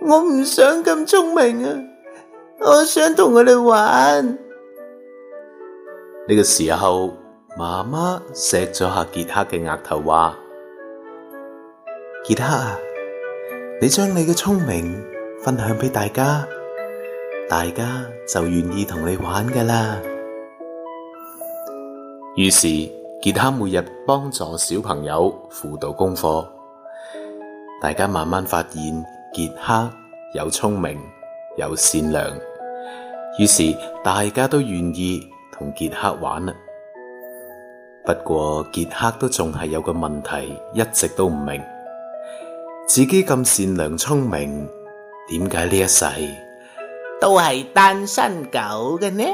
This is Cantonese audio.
我唔想咁聰明啊！我想同佢哋玩。呢個時候，媽媽錫咗下傑克嘅額頭，話：傑克啊，你將你嘅聰明分享畀大家，大家就願意同你玩噶啦。於是，傑克每日幫助小朋友輔導功課，大家慢慢發現。傑克又聰明又善良，於是大家都願意同傑克玩啦。不過傑克都仲係有個問題，一直都唔明，自己咁善良聰明，點解呢一世都係單身狗嘅呢？